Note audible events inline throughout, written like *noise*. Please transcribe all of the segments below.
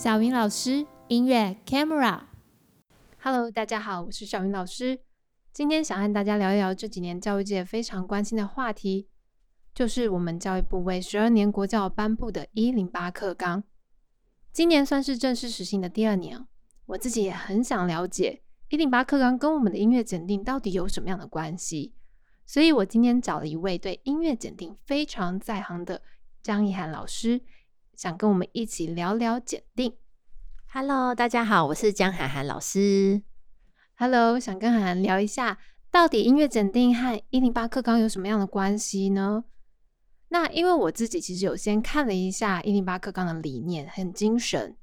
小雲老師，音樂 camera，Hello，大家好，我是小雲老師。今天想和大家聊一聊這幾年教育界非常關心的話題，就是我們教育部為十二年國教頒布的一零八課綱。今年算是正式實行的第二年，我自己也很想了解一零八課綱跟我們的音樂檢定到底有什麼樣的關係，所以我今天找了一位對音樂檢定非常在行的江函函老師。想跟我們一起聊聊檢定。Hello，大家好，我是江函函老師。Hello，想跟函函聊一下，到底音樂檢定和一零八課綱有什麼樣的關係呢？那因為我自己其實有先看了一下一零八課綱的理念很精神，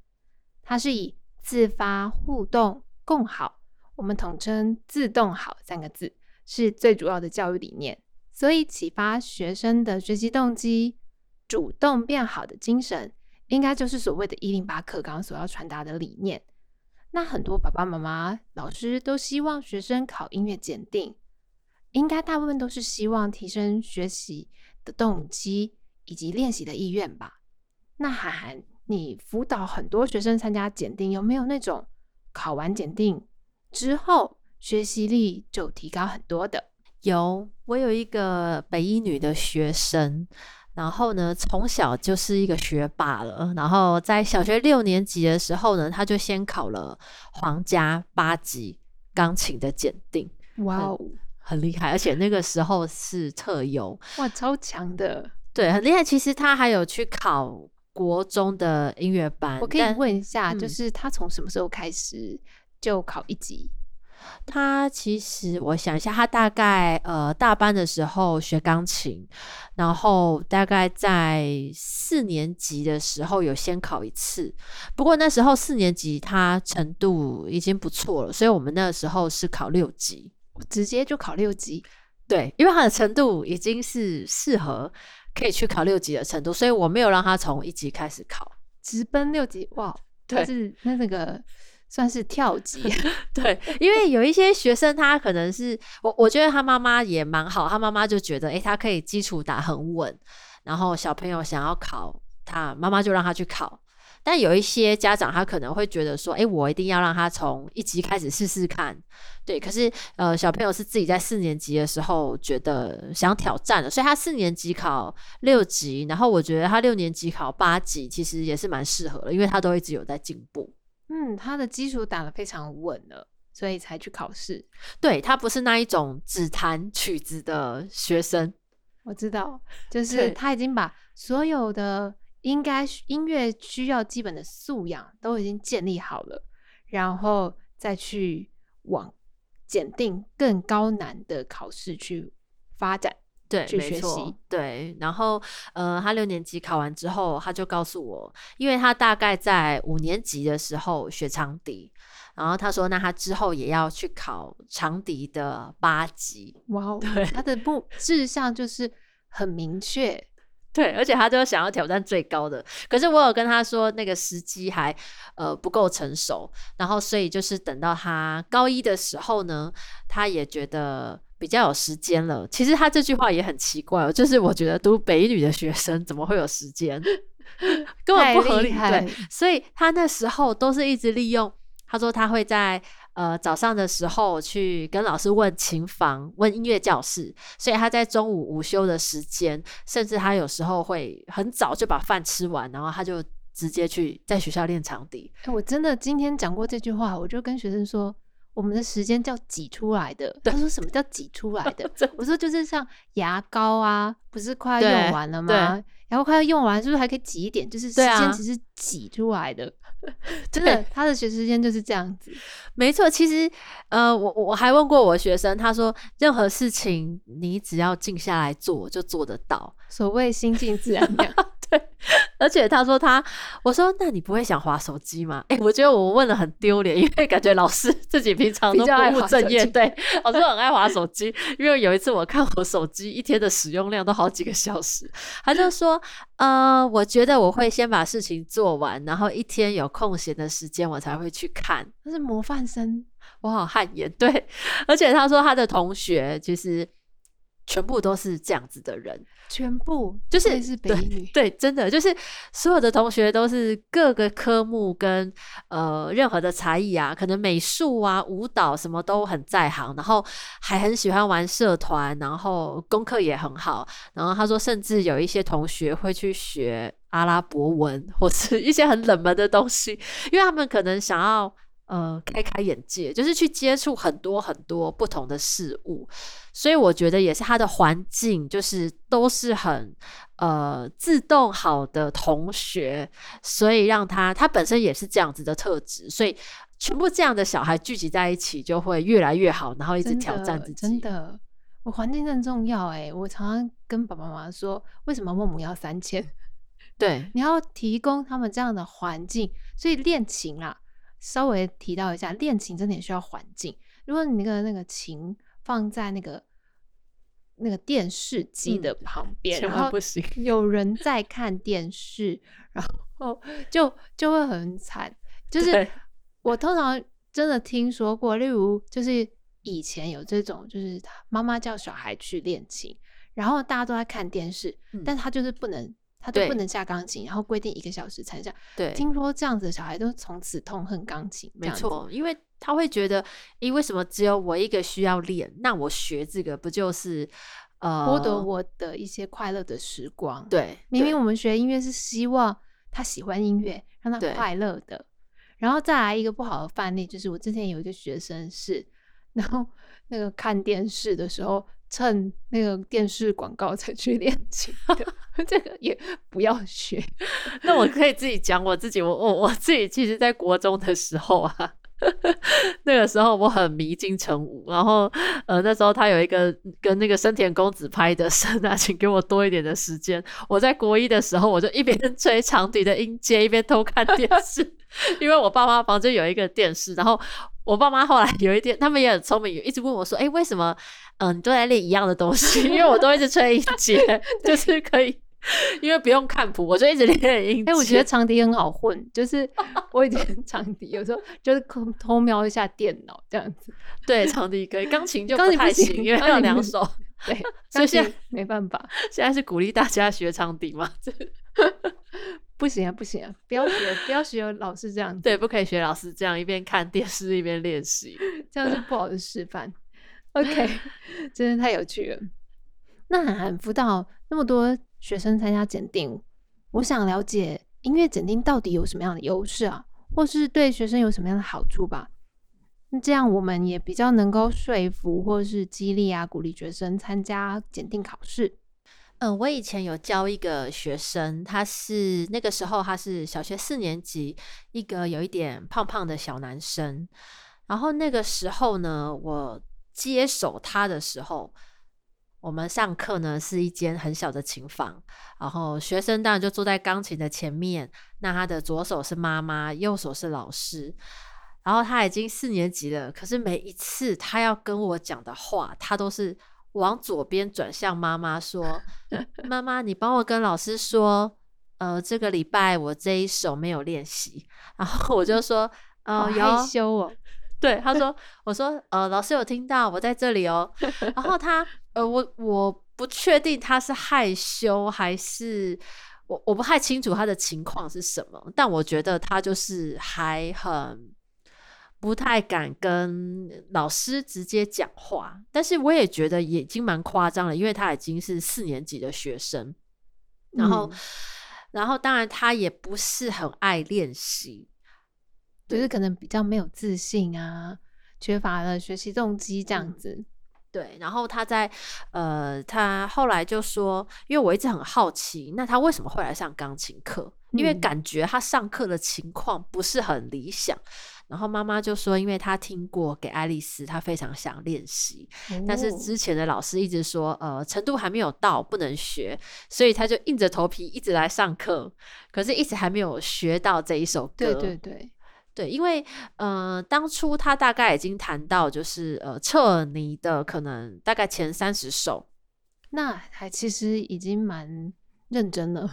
它是以自發、互動、共好，我們統稱“自動好”三個字，是最主要的教育理念，所以啟發學生的學習動機。主動變好的精神，應該就是所謂的一零八課綱所要傳達的理念。那很多爸爸媽媽、老師都希望學生考音樂檢定，應該大部分都是希望提升學習的動機以及練習的意願吧？那涵涵，你輔導很多學生參加檢定，有沒有那種考完檢定之後學習力就提高很多的？有，我有一個北一女的學生。然後呢，從小就是一個學霸了。然後在小學六年級的時候呢，他就先考了皇家八級鋼琴的檢定，哇、wow. 哦，很厲害！而且那個時候是特優，哇，超強的，對，很厲害。其實他還有去考國中的音樂班。我可以問一下，嗯、就是他從什麼時候開始就考一級？他其實，我想一下，他大概呃大班的時候學鋼琴，然後大概在四年級的時候有先考一次。不過那時候四年級他程度已經不錯了，所以我們那時候是考六級，直接就考六級。對，因為他的程度已經是適合可以去考六級的程度，所以我沒有讓他從一級開始考，直奔六級。哇，他，就是那那個。算是跳級， *laughs* 對， *laughs* 因為有一些學生他可能是我，我覺得他媽媽也蠻好，他媽媽就覺得，哎、欸，他可以基礎打很穩，然後小朋友想要考，他媽媽就讓他去考。但有一些家長他可能會覺得說，哎、欸，我一定要讓他從一級開始試試看，對。可是呃，小朋友是自己在四年級的時候覺得想挑戰的，所以他四年級考六級，然後我覺得他六年級考八級其實也是蠻適合的，因為他都一直有在進步。嗯，他的基礎打得非常穩了，所以才去考試。對，他不是那一種只彈曲子的學生。我知道，就是他已經把所有的應該音樂需要基本的素養都已經建立好了，然後再去往檢定更高難的考試去發展。對，沒錯。對，然後，呃，他六年級考完之後，他就告訴我，因為他大概在五年級的時候學長笛，然後他說，那他之後也要去考長笛的八級。哇、wow.，對，他的不志向就是很明確。 *laughs* 對，而且他就想要挑戰最高的。可是我有跟他說，那個時機還呃不夠成熟，然後所以就是等到他高一的時候呢，他也覺得比較有時間了。其實他這句話也很奇怪，就是我覺得讀北女的學生怎麼會有時間？ *laughs* 根本不合理。太厲害。對，所以他那時候都是一直利用，他說他會在。呃，早上的時候去跟老師問琴房，問音樂教室，所以他在中午午休的時間，甚至他有時候會很早就把飯吃完，然後他就直接去在學校練場地，欸。我真的今天講過這句話，我就跟學生說，我們的時間叫擠出來的。他說什麼叫擠出來的， *laughs* 的？我說就是像牙膏啊，不是快要用完了嗎？然後快要用完，是不是還可以擠一點？就是時間其實擠出來的。 *laughs* 真的對，他的學習時間就是這樣子。沒錯，其實，呃，我我還問過我學生，他說，任何事情你只要靜下來做，就做得到。所謂心靜自然涼。 *laughs* *laughs* 而且他說他，我說那你不會想滑手機嗎？哎、欸，我覺得我問得很丟臉，因為感覺老師自己平常都不務正業，對，老 *laughs* 師很愛滑手機。因為有一次我看我手機一天的使用量都好幾個小時。 *laughs* 他就說，呃，我覺得我會先把事情做完，然後一天有空閒的時間我才會去看。他是模範生，我好汗顏。對，而且他說他的同學就是。全部都是這樣子的人，全部就是，是對對，真的就是所有的同學都是各個科目跟呃任何的才藝啊，可能美術啊、舞蹈什麼都很在行，然後還很喜歡玩社團，然後功課也很好，然後他說甚至有一些同學會去學阿拉伯文或是一些很冷門的東西，因為他們可能想要。呃、uh, okay.，開開眼界，就是去接觸很多很多不同的事物，所以我覺得也是他的環境，就是都是很呃自動好的同學，所以讓他他本身也是這樣子的特質，所以全部這樣的小孩聚集在一起，就會越來越好，然後一直挑戰自己。真的，真的我環境真的很重要哎，我常常跟爸爸媽媽說，為什麼孟母要三遷？ *laughs* 對，你要提供他們這樣的環境，所以練琴啦。稍微提到一下，練琴真的也需要環境。如果你那個那個琴放在那個那個電視機的旁邊、嗯，千萬不行，然後有人在看電視， *laughs* 然後就就會很慘。就是我通常真的聽說過，例如就是以前有這種，就是媽媽叫小孩去練琴，然後大家都在看電視，嗯、但他就是不能。他就不能下鋼琴，然後規定一個小時才下。對，聽說這樣子的小孩都從此痛恨鋼琴。沒錯，因為他會覺得，咦，為什麼只有我一個需要練？那我學這個不就是呃，剝奪我的一些快樂的時光？對，明明我們學音樂是希望他喜歡音樂，讓他快樂的。然後再來一個不好的範例，就是我之前有一個學生是，然後那個看電視的時候。趁那個電視廣告才去練習，這個也不要學。 *laughs* 那我可以自己講我自己，我我我自己，其實在國中的時候啊。 *laughs* 那個時候我很迷金城武，然後呃那時候他有一個跟那個深田恭子拍的生、啊《神啊請給我多一點的時間》。我在國一的時候，我就一邊吹長笛的音階，一邊偷看電視， *laughs* 因為我爸媽房間有一個電視。然後我爸媽後來有一天，他們也很聰明，一直問我說：“哎、欸，為什麼嗯、呃、都在練一樣的東西？ *laughs* 因為我都一直吹音階， *laughs* 就是可以。”因為不用看譜，我就一直練音。哎、欸，我覺得長笛很好混，就是我以前長笛 *laughs* 有時候就是偷偷瞄一下電腦這樣子。對，長笛可以，鋼琴就不太行，行因為要兩首。對，所 *laughs* 以沒辦法現在。現在是鼓勵大家學長笛嘛？ *laughs* 不行啊，不行啊！不要學，不要學，老師這樣子。對，不可以學老師這樣，一邊看電視一邊練習，這樣是不好的示範。OK，真的太有趣了。那函函輔導那麼多學生參加檢定，我想了解音樂檢定到底有什麼樣的優勢啊，或是對學生有什麼樣的好處吧？這樣我們也比較能夠說服或是激勵啊，鼓勵學生參加檢定考試。嗯，我以前有教一個學生，他是那個時候他是小學四年級，一個有一點胖胖的小男生。然後那個時候呢，我接手他的時候。我們上課呢，是一間很小的琴房，然後學生當然就坐在鋼琴的前面。那他的左手是媽媽，右手是老師。然後他已經四年級了，可是每一次他要跟我講的話，他都是往左邊轉向媽媽說：“ *laughs* 媽媽，你幫我跟老師說，呃，這個禮拜我這一首沒有練習。 *laughs* ”然後我就說：“呃、哦，害羞哦。”對，他說：“ *laughs* 我說，呃，老師有聽到我在這裡哦。 *laughs* ”然後他。呃，我我不確定他是害羞還是我我不太清楚他的情況是什麼，但我覺得他就是還很不太敢跟老師直接講話。但是我也覺得也已經蠻誇張了，因為他已經是四年級的學生，然後、嗯、然後當然他也不是很愛練習，就是可能比較沒有自信啊，缺乏了學習動機這樣子。嗯對，然後他在，呃，他後來就說，因為我一直很好奇，那他為什麼會來上鋼琴課？因為感覺他上課的情況不是很理想。嗯，然後媽媽就說，因為他聽過給愛麗絲，他非常想練習，哦，但是之前的老師一直說，呃，程度還沒有到，不能學，所以他就硬着頭皮一直來上課，可是一直還沒有學到這一首歌，對對對。對，因為呃，當初他大概已經彈到，就是呃，徹尼的可能大概前三十首，那還其實已經蠻認真了。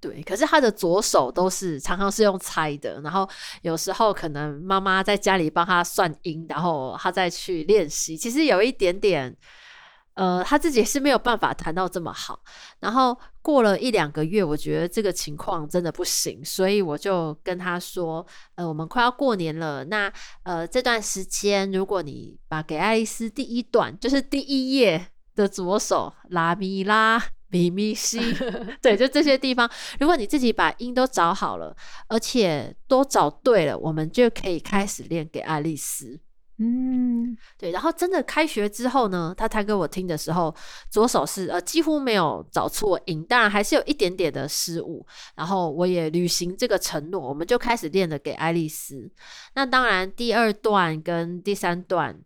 對，可是他的左手都是常常是用猜的，然後有時候可能媽媽在家裡幫他算音，然後他再去練習，其實有一點點。呃，他自己也是沒有辦法彈到這麼好。然後過了一兩個月，我覺得這個情況真的不行，所以我就跟他說，呃，我們快要過年了，那呃這段時間，如果你把給愛麗絲第一段，就是第一頁的左手拉咪拉咪咪西， *laughs* 對，就這些地方，如果你自己把音都找好了，而且都找對了，我們就可以開始練給愛麗絲。嗯，對，然後真的開學之後呢，他彈給我聽的時候，左手是呃幾乎沒有找錯音，當然還是有一點點的失誤。然後我也履行這個承諾，我們就開始練了給愛麗絲。那當然第二段跟第三段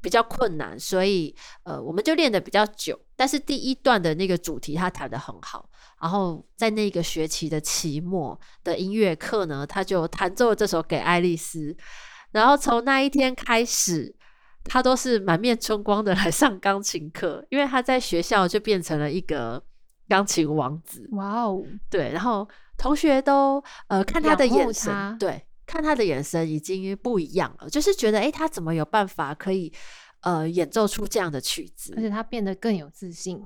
比較困難，所以呃我們就練得比較久。但是第一段的那個主題他彈得很好，然後在那個學期的期末的音樂課呢，他就彈奏了這首給愛麗絲。然後從那一天開始，他都是滿面春光的來上鋼琴課，因為他在學校就變成了一個鋼琴王子。哇哦，對，然後同學都呃看他的眼神，對，看他的眼神已經不一樣了，就是覺得哎、欸，他怎麼有辦法可以呃演奏出這樣的曲子？而且他變得更有自信。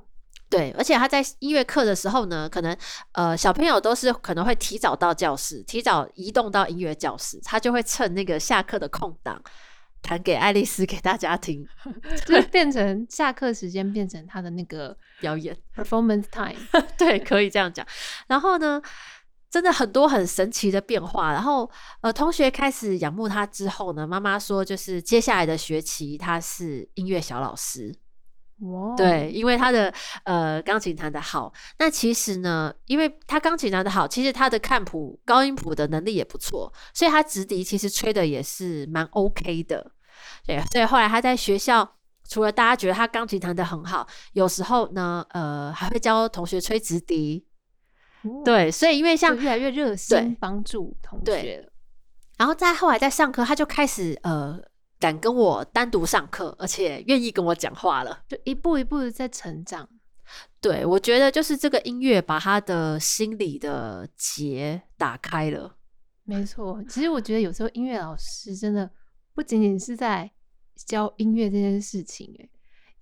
對，而且他在音樂課的時候呢，可能呃小朋友都是可能會提早到教室，提早移動到音樂教室，他就會趁那個下課的空檔彈給愛麗絲給大家聽，就是、變成下課時間變成他的那個表演 *laughs* performance time。 *laughs* 對，可以這樣講。 *laughs* 然後呢，真的很多很神奇的變化。然後呃，同學開始仰慕他之後呢，媽媽說就是接下來的學期他是音樂小老師。Wow. 對，因為他的呃鋼琴彈得好，那其實呢，因為他鋼琴彈得好，其實他的看譜高音譜的能力也不錯，所以他直笛其實吹的也是蠻 OK 的。對，所以後來他在學校，除了大家覺得他鋼琴彈得很好，有時候呢，呃，還會教同學吹直笛。Wow. 對，所以因為像越來越熱心幫助同學，然後再後來在上課，他就開始呃。敢跟我單獨上課，而且願意跟我講話了，就一步一步的在成長。對，我覺得就是這個音樂把他的心裡的結打開了。沒錯，其實我覺得有時候音樂老師真的不僅僅是在教音樂這件事情、欸，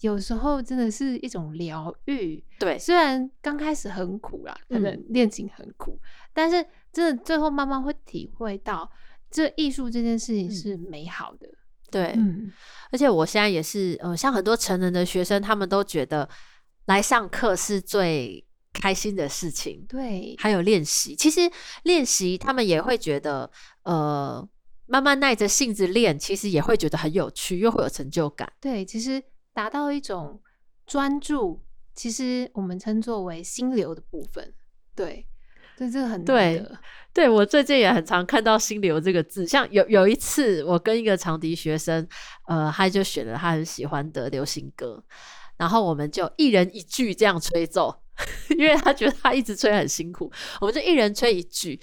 有時候真的是一種療癒。對，雖然剛開始很苦啦，可能練琴很苦、嗯，但是真的最後慢慢會體會到，這藝術這件事情是美好的。嗯對，嗯，而且我現在也是，呃，像很多成人的學生，他們都覺得來上課是最開心的事情。對，還有練習，其實練習他們也會覺得，呃，慢慢耐着性子練，其實也會覺得很有趣，又會有成就感。對，其實達到一種專注，其實我們稱作為心流的部分。對。對，這個很對，對我最近也很常看到“心流”這個字，像有有一次，我跟一個長笛學生，呃，他就選了他很喜歡的流行歌，然後我們就一人一句這樣吹奏， *laughs* 因為他覺得他一直吹很辛苦，我們就一人吹一句，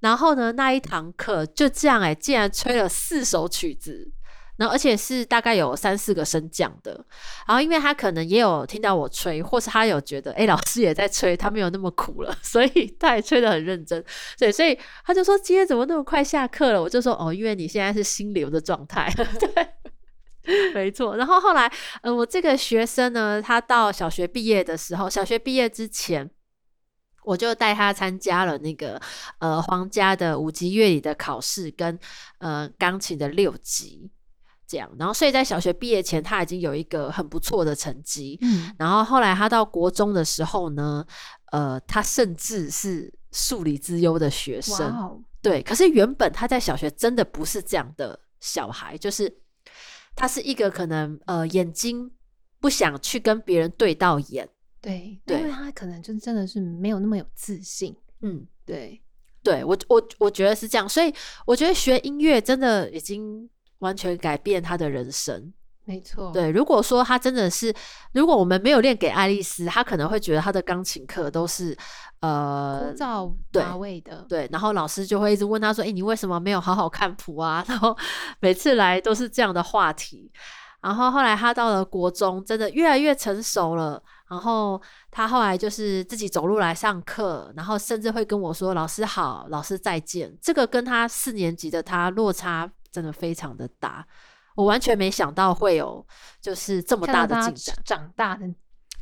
然後呢，那一堂課就這樣哎、欸，竟然吹了四首曲子。然後而且是大概有三四個升降的。然後，因為他可能也有聽到我吹，或是他有覺得，誒、欸、老師也在吹，他沒有那麼苦了，所以他也吹得很認真。所以，所以他就說：“今天怎麼那麼快下課了？”我就說：“哦，因為你現在是心流的狀態。 *laughs* ”對， *laughs* 沒錯。然後後來，嗯、呃，我這個學生呢，他到小學畢業的時候，小學畢業之前，我就帶他參加了那個呃皇家的五級樂理的考試跟，跟呃鋼琴的六級。這樣，然後所以在小學畢業前，他已經有一個很不錯的成績。嗯，然後後來他到國中的時候呢，呃，他甚至是數理資優的學生，哇哦。對，可是原本他在小學真的不是這樣的小孩，就是他是一個可能呃眼睛不想去跟別人對到眼，對，對，因為他可能就真的是沒有那麼有自信。嗯，對，對我我我覺得是這樣，所以我覺得學音樂真的已經。完全改變他的人生，沒錯。對，如果說他真的是，如果我們沒有練給愛麗絲，他可能會覺得他的鋼琴課都是呃枯燥乏味的對。對，然後老師就會一直問他說：“哎、欸，你為什麼沒有好好看譜啊？”然後每次來都是這樣的話題。然後後來他到了國中，真的越來越成熟了。然後他後來就是自己走路來上課，然後甚至會跟我說：“老師好，老師再見。”這個跟他四年級的他落差。真的非常的大，我完全沒想到會有就是這麼大的進展。長大的，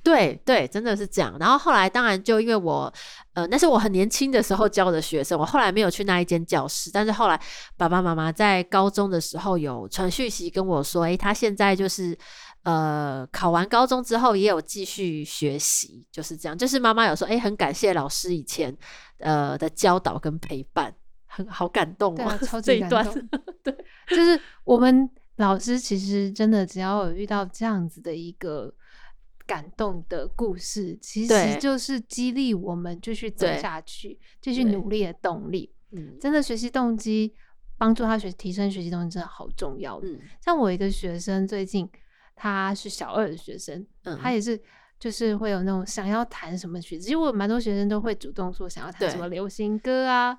對對，真的是這樣。然後後來，當然就因為我呃，那是我很年輕的時候教的學生，我後來沒有去那一間教室。但是後來，爸爸媽媽在高中的時候有傳訊息跟我說，誒、欸，他現在就是呃，考完高中之後也有繼續學習，就是這樣。就是媽媽有說，誒、欸，很感謝老師以前呃的教導跟陪伴。很好感動啊！超級感動，這一段，對，就是我們老師其實真的，只要有遇到這樣子的一個感動的故事，其實就是激勵我們繼續走下去、繼續努力的動力。真的學習動機幫、嗯、助他學提升學習動機真的好重要、嗯。像我一個學生最近，他是小二的學生，嗯、他也是就是會有那種想要彈什麼曲子，其實我蠻多學生都會主動說想要彈什麼流行歌啊。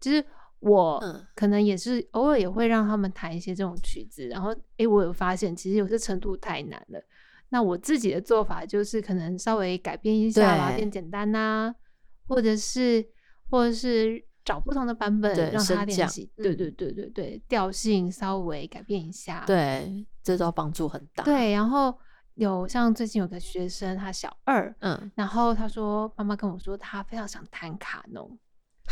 其實我可能也是偶爾也會讓他們彈一些這種曲子。嗯、然後哎、欸，我有發現，其實有些程度太難了。那我自己的做法就是可能稍微改變一下吧，變簡單吶、啊，或者是或者是找不同的版本讓他練習，對對對對對，調性稍微改變一下，對，這招幫助很大。對，然後有像最近有個學生，他小二，嗯，然後他說媽媽跟我說他非常想彈卡農。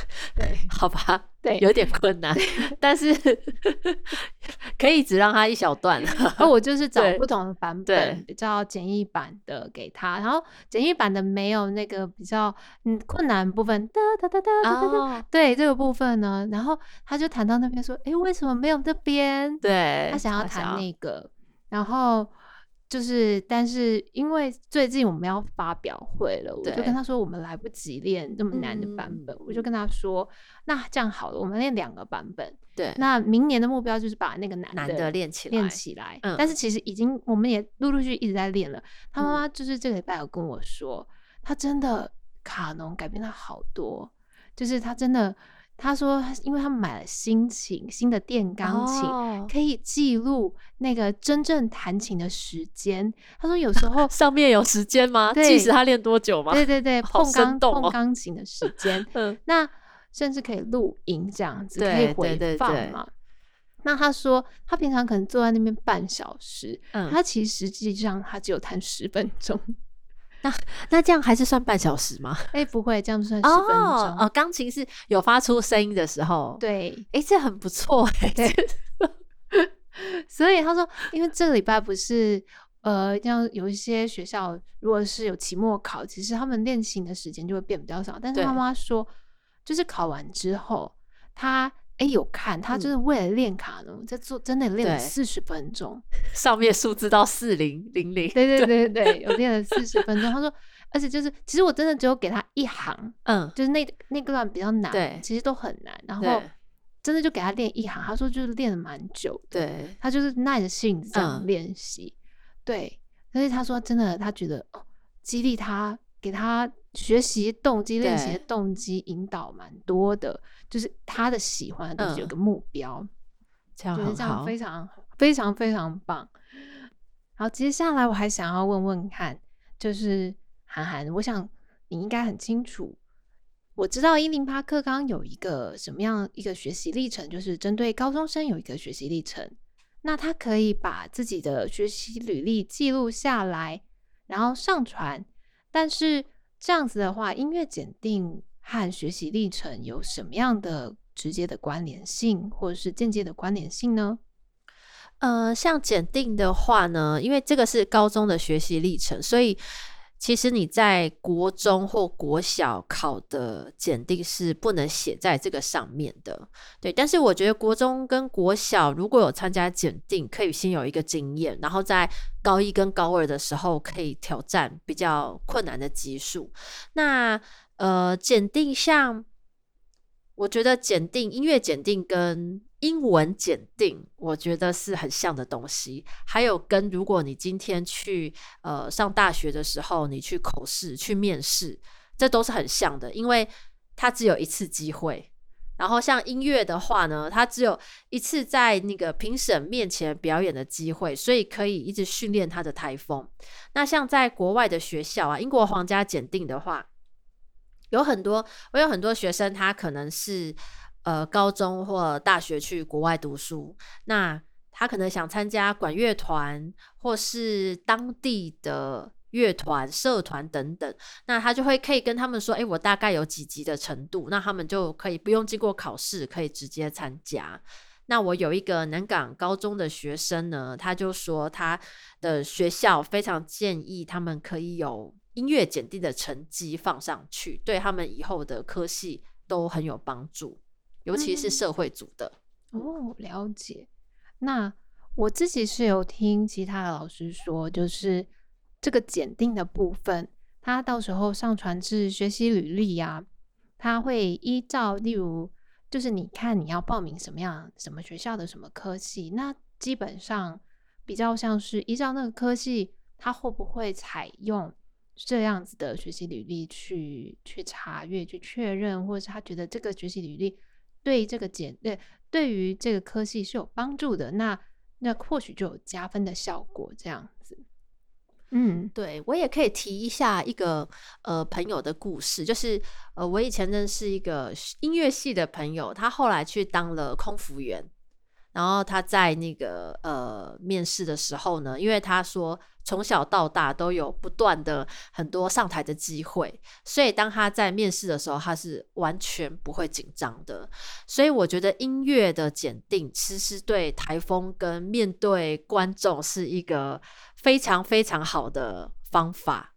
*laughs* 對，好吧，對，有點困難，但是 *laughs* 可以只讓他一小段。那 *laughs* 我就是找不同的版本，比較簡易版的給他。然後簡易版的沒有那個比較嗯困難部分。噠噠噠噠，噠，噠，噠，噠，oh。對這個部分呢，然後他就談到那邊說：“哎、欸，為什麼沒有這邊？”對，他想要談那個，然後。就是，但是因為最近我們要發表會了，我就跟他說，我們來不及練這麼難的版本，嗯。我就跟他說，那這樣好了，我們練兩個版本。對，那明年的目標就是把那個難的練起來，練起來，嗯。但是其實已經我們也陸陸續續一直在練了。他媽媽就是這個禮拜有跟我說，嗯、他真的卡農改變了好多，就是他真的。他說，因為他們買了新琴，新的電鋼琴，oh. 可以記錄那個真正彈琴的時間。他說有時候 *laughs* 上面有時間嗎？即使他練多久嗎？對對對，碰鋼碰鋼琴的時間，嗯，那甚至可以錄音這樣子，可以回放嘛。那他說他平常可能坐在那邊半小時，他其實實際上他只有彈十分鐘。那那這樣還是算半小時嗎？哎、欸，不會，這樣算十分鐘哦。哦、鋼琴是有發出聲音的時候，對，哎、欸，這很不錯哎、欸。 *laughs* 所以他說，因為這個禮拜不是呃，像有一些學校，如果是有期末考，其實他們練琴的時間就會變比較少。但是媽媽說，就是考完之後，他。哎、欸，有看他就是為了練卡農、嗯，在做真的練了四十分鐘，上面數字到四零零零。對對對對，有我練了四十分鐘。 *laughs* 他說，而且就是其實我真的只有給他一行，嗯，就是那那個段比較難，其實都很難。然後真的就給他練一行，他說就是練了蠻久的，對，他就是耐着性子這樣練習。對，但是他說真的，他覺得哦，激勵他。給他學習動機練習的動機引導蠻多的、嗯，就是他的喜歡有個目標，這樣，就是、這樣非常非常非常非常棒。好，接下來我還想要問問看，就是函函，我想你應該很清楚，我知道一零八課綱有一個什麼樣一個學習歷程，就是針對高中生有一個學習歷程，那他可以把自己的學習履歷記錄下來，然後上傳。但是這樣子的話，音樂檢定和學習歷程有什麼樣的直接的關聯性，或者是間接的關聯性呢？呃，像檢定的話呢，因為這個是高中的學習歷程，所以。其實你在國中或國小考的檢定是不能寫在這個上面的，對。但是我覺得國中跟國小如果有參加檢定，可以先有一個經驗，然後在高一跟高二的時候可以挑戰比較困難的級數。那呃，檢定像我覺得檢定音樂檢定跟。英文檢定，我覺得是很像的東西。還有跟如果你今天去呃上大學的時候，你去口試、去面試，這都是很像的，因為它只有一次機會。然後像音樂的話呢，它只有一次在那個評審面前表演的機會，所以可以一直訓練它的台風。那像在國外的學校啊，英國皇家檢定的話，有很多我有很多學生，他可能是。呃，高中或大學去國外讀書，那他可能想參加管樂團或是當地的樂團、社團等等，那他就會可以跟他們說：“誒、欸，我大概有幾級的程度。”那他們就可以不用經過考試，可以直接參加。那我有一個南港高中的學生呢，他就說他的學校非常建議他們可以有音樂檢定的成績放上去，對他們以後的科系都很有幫助。尤其是社會組的。嗯、哦，了解。那我自己是有聽其他的老師說，就是這個檢定的部分，他到時候上傳至學習履歷呀，啊，他會依照例如，就是你看你要報名什麼樣什麼學校的什麼科系，那基本上比較像是依照那個科系，他會不會採用這樣子的學習履歷去去查閱、去確認，或者是他覺得這個學習履歷，對這個檢，對對於這個科系是有幫助的，那那或許就有加分的效果這樣子。嗯，對，我也可以提一下一個呃朋友的故事，就是呃我以前認識一個音樂系的朋友，他後來去當了空服員，然後他在那個呃面試的時候呢，因為他說，從小到大都有不斷的很多上台的機會，所以當他在面試的時候，他是完全不會緊張的。所以我覺得音樂的檢定其實對台風跟面對觀眾是一個非常非常好的方法。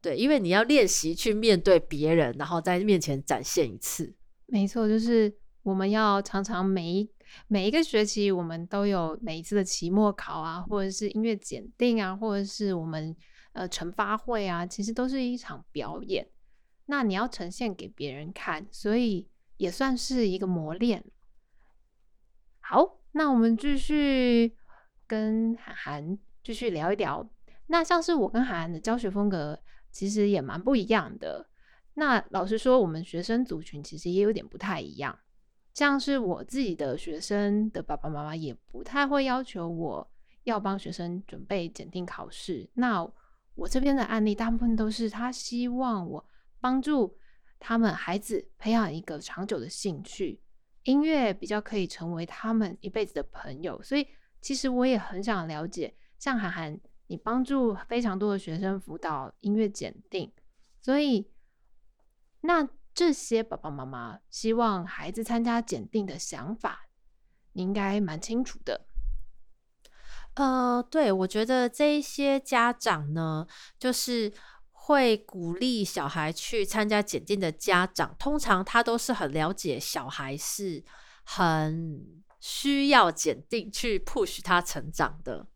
對，因為你要練習去面對別人，然後在面前展現一次。沒錯，就是我們要常常每一。每一個學期，我們都有每一次的期末考啊，或者是音樂檢定啊，或者是我們呃成發會啊，其實都是一場表演。那你要呈現給別人看，所以也算是一個磨練。好，那我們繼續跟函函繼續聊一聊。那像是我跟函函的教學風格，其實也蠻不一樣的。那老實說，我們學生族群其實也有點不太一樣。像是我自己的學生的爸爸媽媽也不太會要求我要幫學生準備檢定考試。那我這邊的案例大部分都是他希望我幫助他們孩子培養一個長久的興趣，音樂比較可以成為他們一輩子的朋友。所以其實我也很想了解，像函函，你幫助非常多的學生輔導音樂檢定，所以那。這些爸爸媽媽希望孩子參加檢定的想法，你應該蠻清楚的。呃，對，我覺得這一些家長呢，就是會鼓勵小孩去參加檢定的家長，通常他都是很了解小孩是很需要檢定去 push 他成長的。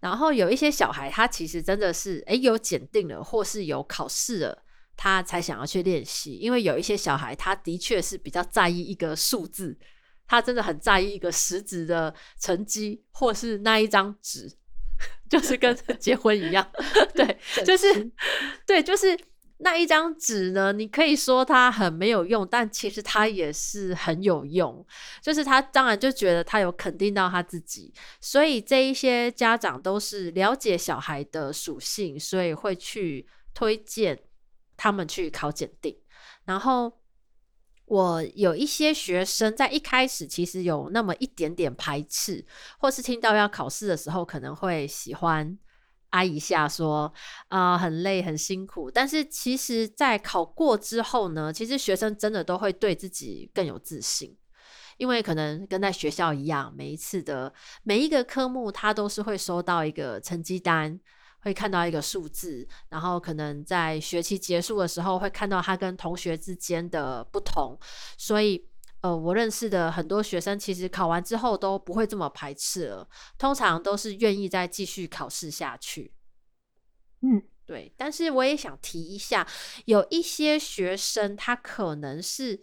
然後有一些小孩，他其實真的是哎、欸、有檢定了，或是有考試了。他才想要去練習，因為有一些小孩，他的確是比較在意一個數字，他真的很在意一個實質的成績，或是那一張紙，就是跟結婚一樣， *laughs* 對，就是，對，就是那一張紙呢。你可以說他很沒有用，但其實他也是很有用，就是他當然就覺得他有肯定到他自己，所以這一些家長都是了解小孩的屬性，所以會去推薦。他們去考檢定，然後我有一些學生在一開始其實有那麼一點點排斥，或是聽到要考試的時候，可能會喜歡哀一下說，說、呃、啊很累很辛苦。但是其實，在考過之後呢，其實學生真的都會對自己更有自信，因為可能跟在學校一樣，每一次的每一個科目，他都是會收到一個成績單。會看到一個數字，然後可能在學期結束的時候會看到他跟同學之間的不同，所以呃，我認識的很多學生其實考完之後都不會這麼排斥了，通常都是願意再繼續考試下去。嗯，對。但是我也想提一下，有一些學生他可能是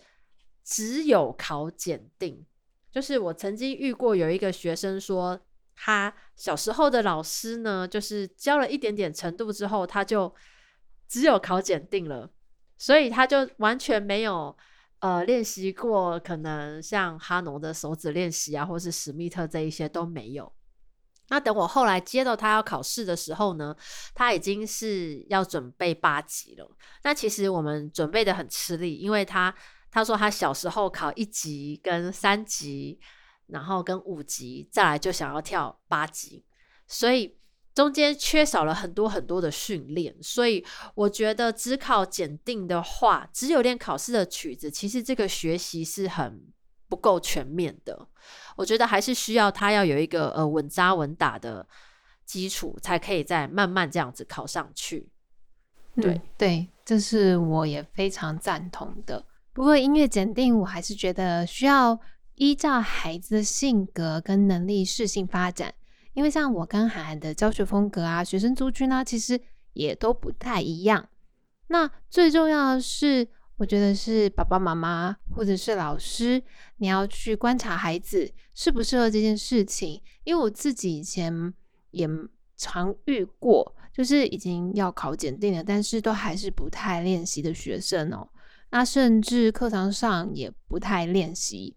只有考檢定，就是我曾經遇過有一個學生說，他小時候的老師呢，就是教了一點點程度之後，他就只有考檢定了，所以他就完全沒有呃練習過，可能像哈農的手指練習啊，或是史密特這一些都沒有。那等我後來接到他要考試的時候呢，他已經是要準備八級了。那其實我們準備得很吃力，因為他他說他小時候考一級跟三級。然後跟五級，再來就想要跳八級，所以中間缺少了很多很多的訓練。所以我覺得只考檢定的話，只有練考試的曲子，其實這個學習是很不夠全面的。我覺得還是需要他要有一個呃穩紮穩打的基礎，才可以再慢慢這樣子考上去。對、嗯、對，這是我也非常贊同的。不過音樂檢定，我還是覺得需要。依照孩子的性格跟能力適性發展，因為像我跟函函的教學風格啊、學生族群呢，其實也都不太一樣。那最重要的是，我覺得是爸爸媽媽或者是老師，你要去觀察孩子適不適合這件事情。因為我自己以前也常遇過，就是已經要考檢定了，但是都還是不太練習的學生哦、喔。那甚至課堂上也不太練習。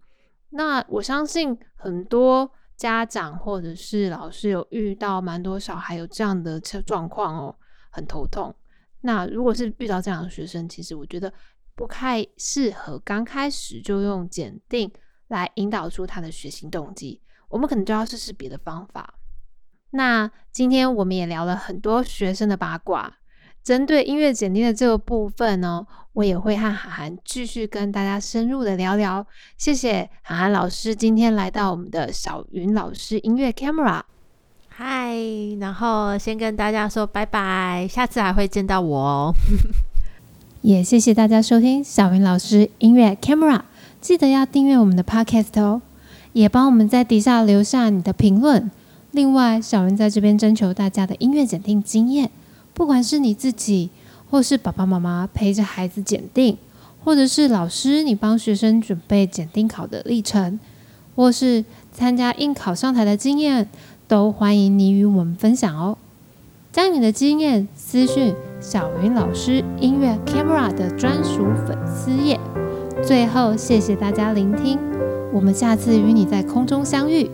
那我相信很多家長或者是老師有遇到蠻多小孩有這樣的狀況哦，很頭痛。那如果是遇到這樣的學生，其實我覺得不太適合剛開始就用檢定來引導出他的學習動機，我們可能就要試試別的方法。那今天我們也聊了很多學生的八卦。針對音樂檢定的這個部分呢、哦，我也會和函函繼續跟大家深入的聊聊。謝謝函函老師今天來到我們的小芸老師音樂 Camera。嗨，然後先跟大家說拜拜，下次還會見到我哦。 *laughs* 也謝謝大家收聽小芸老師音樂 Camera，記得要訂閱我們的 Podcast 哦，也幫我們在底下留下你的評論。另外，小芸在這邊徵求大家的音樂檢定經驗。不管是你自己，或是爸爸媽媽陪着孩子檢定，或者是老師你幫學生準備檢定考的歷程，或是參加應考上台的經驗，都歡迎你與我們分享哦。將你的經驗私訊小芸老師音樂開麥拉的專屬粉絲頁。最後，謝謝大家聆聽，我們下次與你在空中相遇。